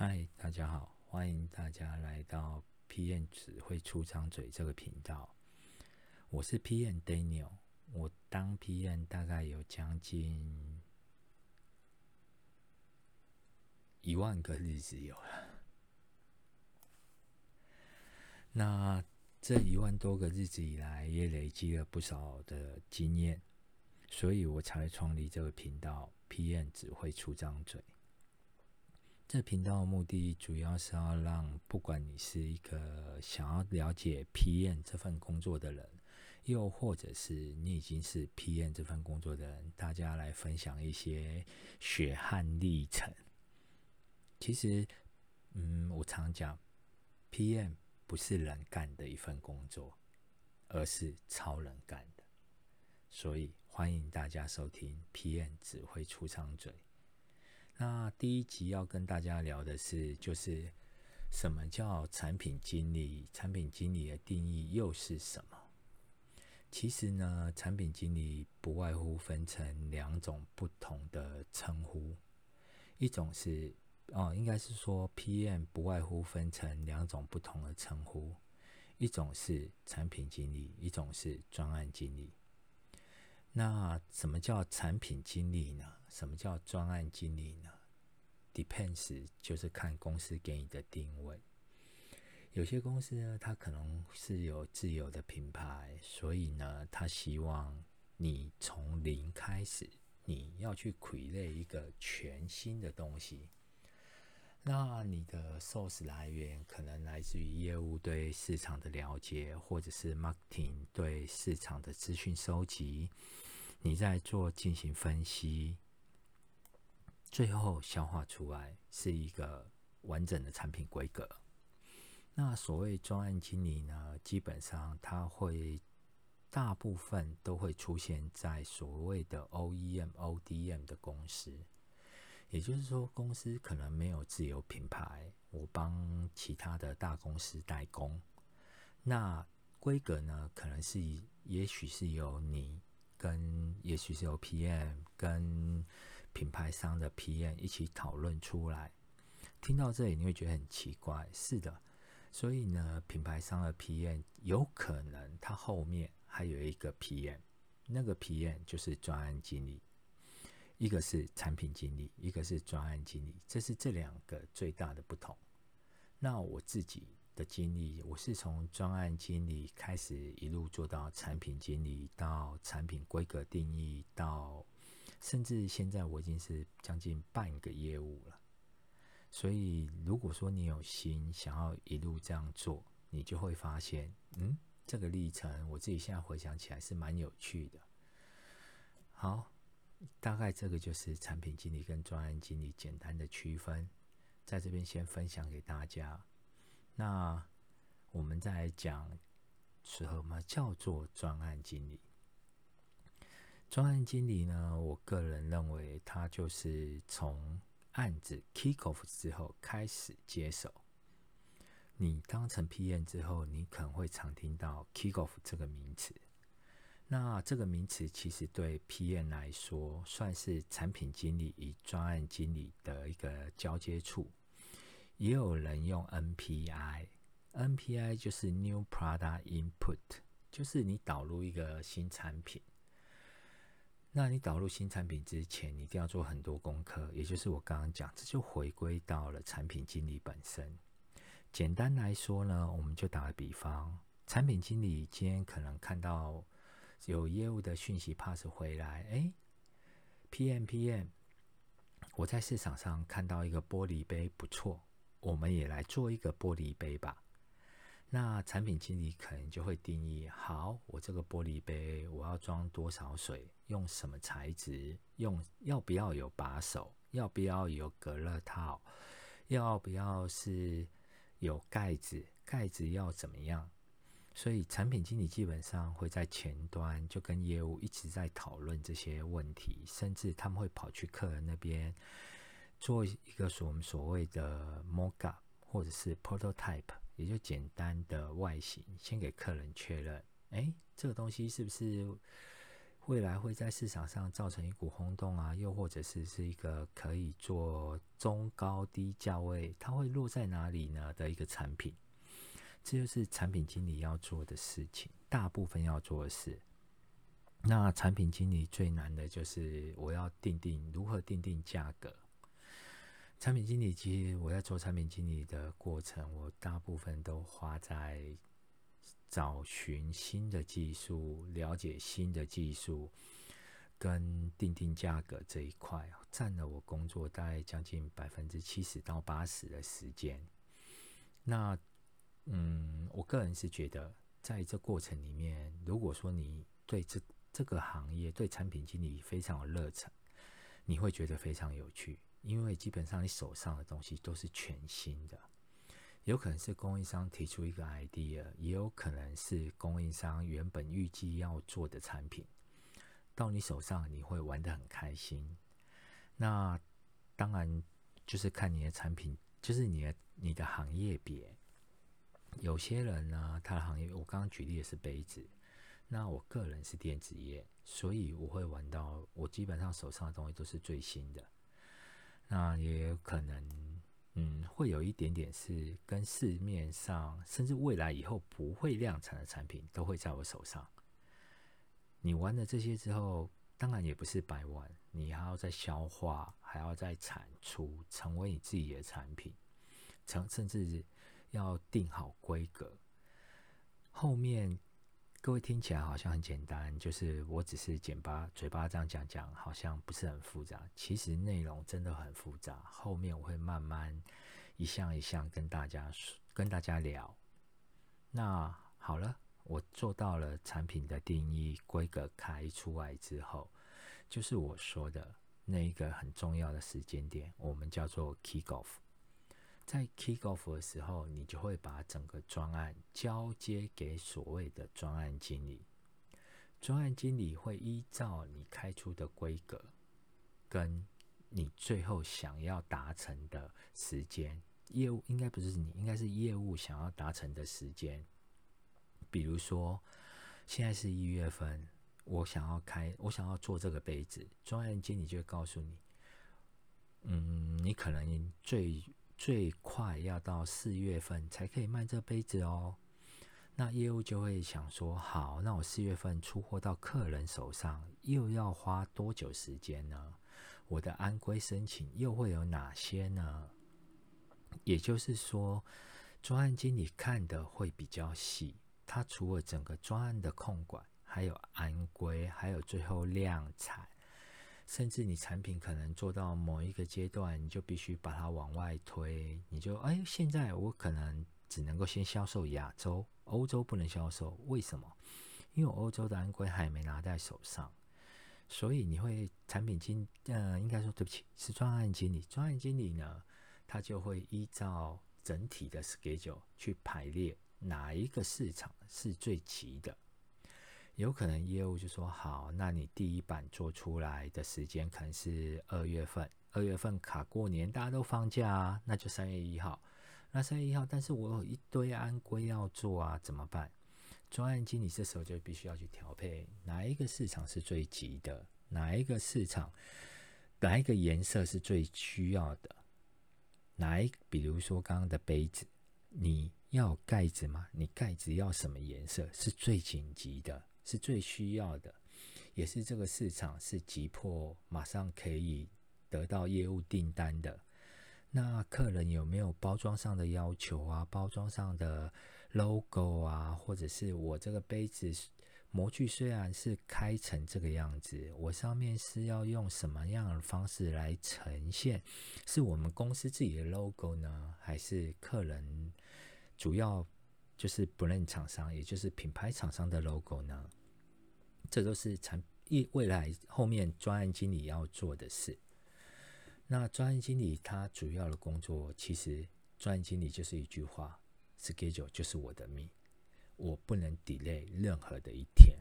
嗨，大家好，歡迎大家來到 PM 只會出張嘴這個頻道。我是 PM Daniel，我當 PM 大概有將近一萬個日子有了。那這一萬多個日子以來，也累積了不少的經驗，所以我才創立這個頻道，PM 只會出張嘴。這頻道的目的主要是要讓，不管你是一個想要了解 PM 這份工作的人，又或者是你已經是 PM 這份工作的人，大家來分享一些血汗歷程。其實，嗯，我常講，PM 不是人幹的一份工作，而是超人幹的。所以，歡迎大家收聽《PM 只會出張嘴》。那第一集要跟大家聊的是，就是什麼叫產品經理？產品經理的定義又是什麼？其實呢，產品經理不外乎分成兩種不同的稱呼，一種是哦，應該是說 PM 不外乎分成兩種不同的稱呼，一種是產品經理，一種是專案經理。那什麼叫產品經理呢？什麼叫專案經理呢？Depends，就是看公司給你的定位。有些公司呢，它可能是有自有的品牌，所以呢，它希望你從零開始，你要去傀儡一個全新的東西。那你的 source 來源可能來自於業務對市場的了解，或者是 marketing 對市場的資訊收集，你在做進行分析。最後消化出來是一個完整的產品規格。那所謂專案經理呢，基本上他會大部分都會出現在所謂的 OEM、ODM 的公司，也就是說，公司可能沒有自有品牌，我幫其他的大公司代工。那規格呢，可能是也許是由你跟，也許是由 PM 跟。品牌商的 PM 一起討論出來。聽到這裡，你會覺得很奇怪，是的。所以呢，品牌商的 PM 有可能它後面還有一個 PM，那個 PM 就是專案經理，一個是產品經理，一個是專案經理，這是這兩個最大的不同。那我自己的經歷，我是從專案經理開始，一路做到產品經理，到產品規格定義，到。甚至現在我已經是將近半個業務了，所以如果說你有心想要一路這樣做，你就會發現，嗯，這個歷程我自己現在回想起來是蠻有趣的。好，大概這個就是產品經理跟專案經理簡單的區分，在這邊先分享給大家。那我們再來講，什麼嘛叫做專案經理。專案經理呢？我個人認為他就是從案子 kick off 之後開始接手。你當成 PM 之後，你可能會常聽到 kick off 這個名詞。那這個名詞其實對 PM 來說，算是產品經理與專案經理的一個交接處。也有人用 N P I，N P I 就是 New Product Input，就是你導入一個新產品。那你導入新產品之前，你一定要做很多功課，也就是我剛剛講，這就回歸到了產品經理本身。簡單來說呢，我們就打個比方，產品經理今天可能看到有業務的訊息 pass 回來，哎、欸，PM PM，我在市場上看到一個玻璃杯不錯，我們也來做一個玻璃杯吧。那產品經理可能就會定義：好，我這個玻璃杯我要裝多少水？用什麼材質？用要不要有把手？要不要有隔熱套？要不要是有蓋子？蓋子要怎麼樣？所以產品經理基本上會在前端就跟業務一直在討論這些問題，甚至他們會跑去客人那邊做一個我們所謂的 mock up 或者是 prototype。也就簡單的外形，先給客人確認。哎、欸，這個東西是不是未來會在市場上造成一股轟動啊？又或者是是一個可以做中高低價位，它會落在哪裡呢？的一個產品，這就是產品經理要做的事情。大部分要做的事，那產品經理最難的就是我要定定如何定定價格。產品經理，其實我在做產品經理的過程，我大部分都花在找尋新的技術、了解新的技術跟定定價格這一塊，占了我工作大概將近百分之七十到八十的時間。那，嗯，我個人是覺得，在這過程裡面，如果說你對這這個行業、對產品經理非常有熱忱，你會覺得非常有趣。因為基本上你手上的東西都是全新的，有可能是供應商提出一個 idea，也有可能是供應商原本預計要做的產品到你手上，你會玩得很開心。那當然就是看你的產品，就是你的你的行業別。有些人呢，他的行業我剛剛舉例的是杯子，那我個人是電子業，所以我會玩到我基本上手上的東西都是最新的。那也有可能，嗯，會有一點點是跟市面上甚至未來以後不會量產的產品都會在我手上。你玩了這些之後，當然也不是白玩，你還要再消化，還要再產出，成為你自己的產品，成甚至要定好規格，後面。各位聽起來好像很簡單，就是我只是嘴巴嘴巴這樣講講，好像不是很複雜。其實內容真的很複雜，後面我會慢慢一項一項跟大家跟大家聊。那好了，我做到了產品的定義規格開出來之後，就是我說的那一個很重要的時間點，我們叫做 kick off。在 kickoff 的時候，你就會把整個專案交接給所謂的專案經理。專案經理會依照你開出的規格，跟你最後想要達成的時間，業務應該不是你，應該是業務想要達成的時間。比如說，現在是一月份，我想要開，我想要做這個杯子，專案經理就會告訴你，嗯，你可能最最快要到四月份才可以賣這杯子哦，那業務就會想說：好，那我四月份出貨到客人手上，又要花多久時間呢？我的安規申請又會有哪些呢？也就是說，專案經理看的會比較細，他除了整個專案的控管，還有安規，還有最後量產。甚至你產品可能做到某一個階段，你就必須把它往外推，你就哎，現在我可能只能夠先銷售亞洲，歐洲不能銷售，為什麼？因為歐洲的安規還沒拿在手上，所以你會產品經，呃，應該說對不起，是專案經理，專案經理呢，他就會依照整體的 schedule 去排列哪一個市場是最急的。有可能業務就說好，那你第一版做出來的時間可能是二月份，二月份卡過年，大家都放假啊，那就三月一號。那三月一號，但是我有一堆安規要做啊，怎麼辦？專案經理這時候就必須要去調配，哪一個市場是最急的？哪一個市場？哪一個顏色是最需要的？哪一個？比如說剛剛的杯子，你要蓋子嗎？你蓋子要什麼顏色？是最緊急的。是最需要的，也是這個市場是急迫馬上可以得到業務訂單的。那客人有沒有包裝上的要求啊？包裝上的 logo 啊，或者是我這個杯子模具雖然是開成這個樣子，我上面是要用什麼樣的方式來呈現？是我們公司自己的 logo 呢，還是客人主要就是 brand 廠商，也就是品牌廠商的 logo 呢？這都是成一未來後面專案經理要做的事。那專案經理他主要的工作，其實專案經理就是一句話：schedule 就是我的命，我不能 delay 任何的一天。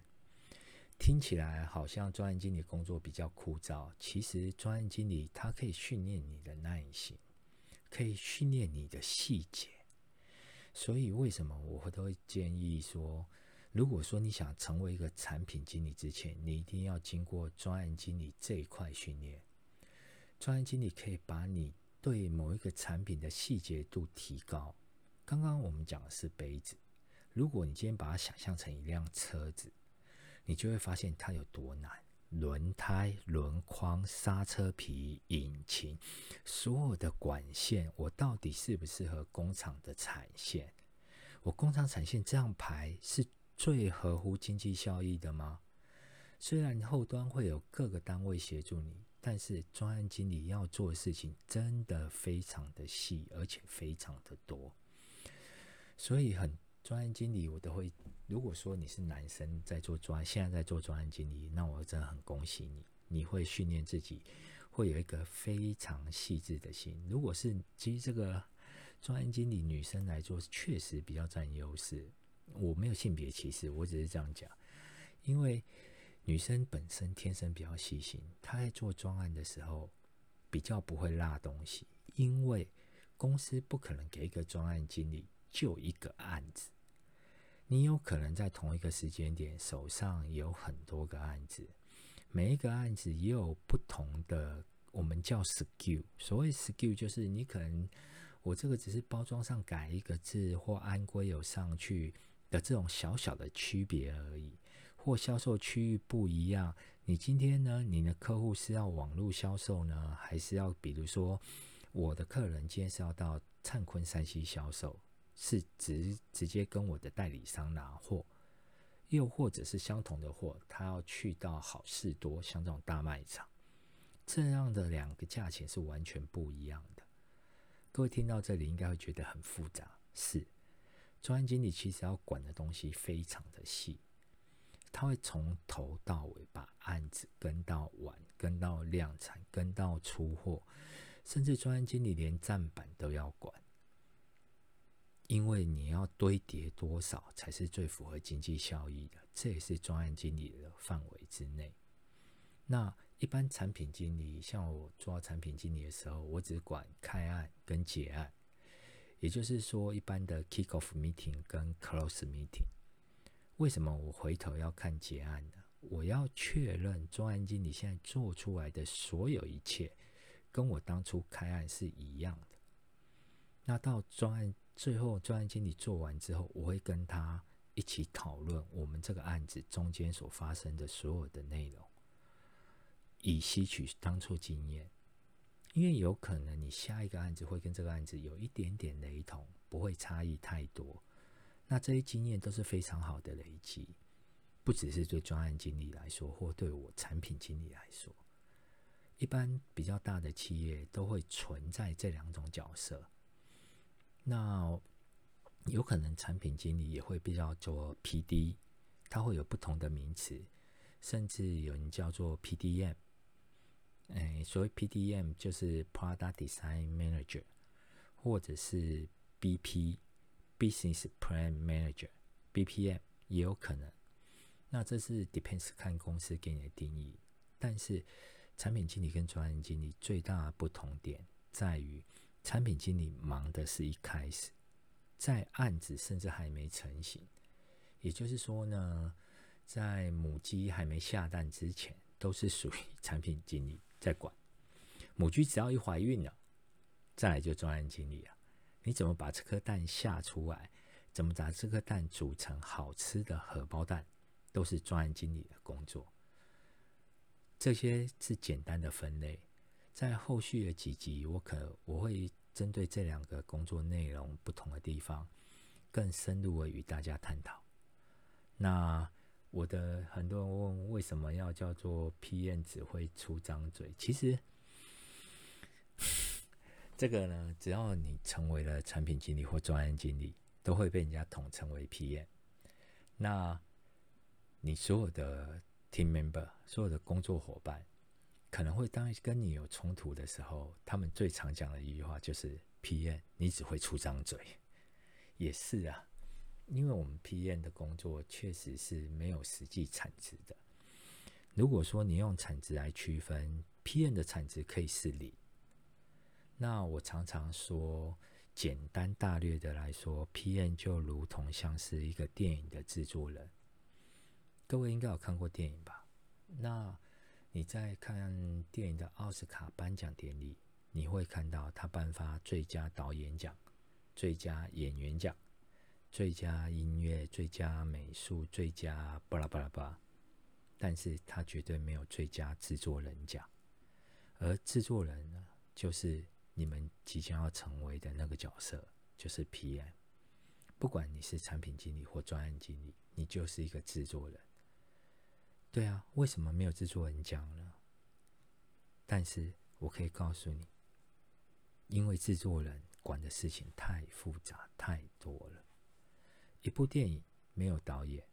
聽起來好像專案經理工作比較枯燥，其實專案經理他可以訓練你的耐心，可以訓練你的細節。所以為什麼我會都會建議說？如果說你想成為一個產品經理之前，你一定要經過專案經理這一塊訓練。專案經理可以把你對某一個產品的細節度提高。剛剛我們講的是杯子，如果你今天把它想象成一輛車子，你就會發現它有多難：輪胎、輪框、剎車皮、引擎，所有的管線，我到底適不適合工廠的產線？我工廠產線這樣排是？最合乎經濟效益的嗎？雖然後端會有各個單位協助你，但是專案經理要做的事情真的非常的細，而且非常的多，所以很專案經理，我都會如果說你是男生在做專，現在在做專案經理，那我真的很恭喜你，你會訓練自己，會有一個非常細緻的心。如果是其實這個專案經理女生來做，確實比較佔優勢。我沒有性別歧視，我只是這樣講，因為女生本身天生比較細心，她在做專案的時候比較不會落東西，因為公司不可能給一個專案經理就一個案子，你有可能在同一個時間點手上有很多個案子，每一個案子也有不同的，我們叫 SKU，所謂 SKU 就是你可能我這個只是包裝上改一個字或安規有上去。的這種小小的區別而已，或銷售區域不一樣。你今天呢？你的客戶是要網絡銷售呢，還是要？比如說，我的客人今天是要到燦坤山西銷售，是直直接跟我的代理商拿貨，又或者是相同的貨，他要去到好市多，像這種大賣場，這樣的兩個價錢是完全不一樣的。各位聽到這裡應該會覺得很複雜，是。專案經理其實要管的東西非常的細，他會從頭到尾把案子跟到完，跟到量產，跟到出貨，甚至專案經理連棧板都要管，因為你要堆疊多少才是最符合經濟效益的，這也是專案經理的範圍之內。那一般產品經理，像我做產品經理的時候，我只管開案跟結案。也就是說，一般的 kick-off meeting 跟 close meeting，為什麼我回頭要看結案呢？我要確認專案經理現在做出來的所有一切，跟我當初開案是一樣的。那到專案最後，專案經理做完之後，我會跟他一起討論我們這個案子中間所發生的所有的內容，以吸取當初經驗。因為有可能你下一個案子會跟這個案子有一點點雷同，不會差異太多。那這些經驗都是非常好的累積，不只是對專案經理來說，或對我產品經理來說，一般比較大的企業都會存在這兩種角色。那有可能產品經理也會比較做 PD，它會有不同的名詞，甚至有人叫做 PDM。誒，所謂 PDM 就是 Product Design Manager，或者是 BP Business Plan Manager，BPM 也有可能。那這是 depends 看公司給你的定義。但是產品經理跟專案經理最大的不同點在於，產品經理忙的是一開始，在案子甚至還沒成型，也就是說呢，在母雞還沒下蛋之前。都是屬於產品經理在管。母雞只要一懷孕了，再來就專案經理啊，你怎麼把這顆蛋下出來？怎麼把這顆蛋煮成好吃的荷包蛋？都是專案經理的工作。這些是簡單的分類，在後續的幾集，我可我會針對這兩個工作內容不同的地方，更深入的與大家探討。那。我的很多人問，為什麼要叫做 PM 只會出張嘴？其實這個呢，只要你成為了產品經理或專案經理，都會被人家統稱為 PM。那你所有的 team member，所有的工作伙伴，可能會當跟你有衝突的時候，他們最常講的一句話就是 PM 你只會出張嘴。也是啊。因為我們 PM 的工作確實是沒有實際產值的。如果說你用產值來區分 PM 的產值可以是零，那我常常說，簡單大略的來說，PM 就如同像是一個電影的製作人。各位應該有看過電影吧？那你在看電影的奧斯卡頒獎典禮，你會看到他頒發最佳導演獎、最佳演員獎。最佳音樂、最佳美術、最佳巴拉巴拉巴，但是他絕對沒有最佳製作人獎。而製作人呢，就是你們即將要成為的那個角色，就是 PM。不管你是產品經理或專案經理，你就是一個製作人。對啊，為什麼沒有製作人獎呢？但是我可以告訴你，因為製作人管的事情太複雜太多了。一部電影沒有導演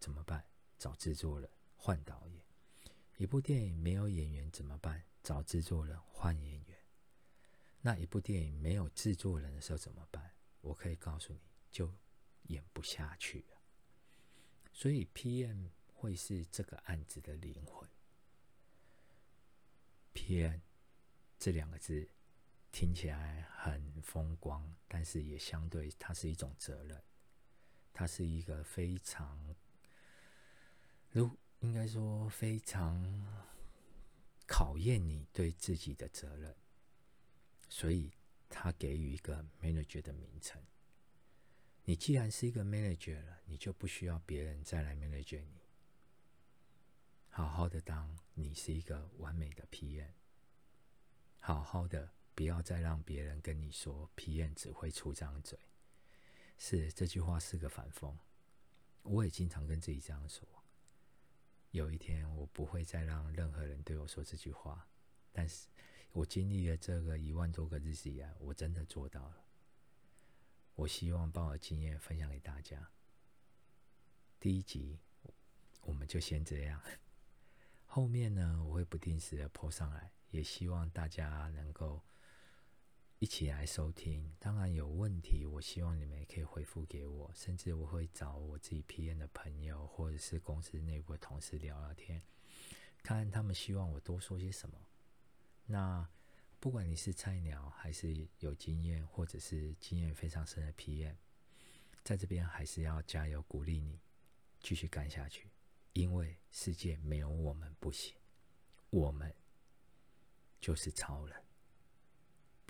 怎麼辦？找制作人換導演。一部電影沒有演員怎麼辦？找制作人換演員。那一部電影沒有制作人的時候怎麼辦？我可以告訴你就演不下去了。所以 PM 會是這個案子的靈魂。PM 這兩個字聽起來很風光，但是也相對它是一種責任。他是一個非常，如應該說非常考驗你對自己的責任，所以他給予一個 manager 的名稱。你既然是一個 manager 了，你就不需要別人再來 manager 你，好好的當你是一個完美的 PM，好好的不要再讓別人跟你說 PM 只會出張嘴。是，這句話是個反諷，我也經常跟自己這樣說。有一天我不會再讓任何人對我說這句話，但是我經歷了這個一萬多個日子以來，我真的做到了。我希望把我的經驗分享給大家。第一集我們就先這樣，後面呢，我會不定時的 PO 上來，也希望大家能夠。一起來收聽。當然有問題，我希望你們也可以回復給我，甚至我會找我自己 PM 的朋友，或者是公司內部的同事聊聊天，看看他們希望我多說些什麼。那不管你是菜鳥，還是有經驗，或者是經驗非常深的 PM，在這邊還是要加油，鼓勵你繼續幹下去，因為世界沒有我們不行，我們就是超人。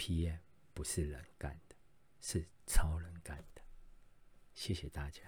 PM 不是人幹的，是超人幹的。謝謝大家。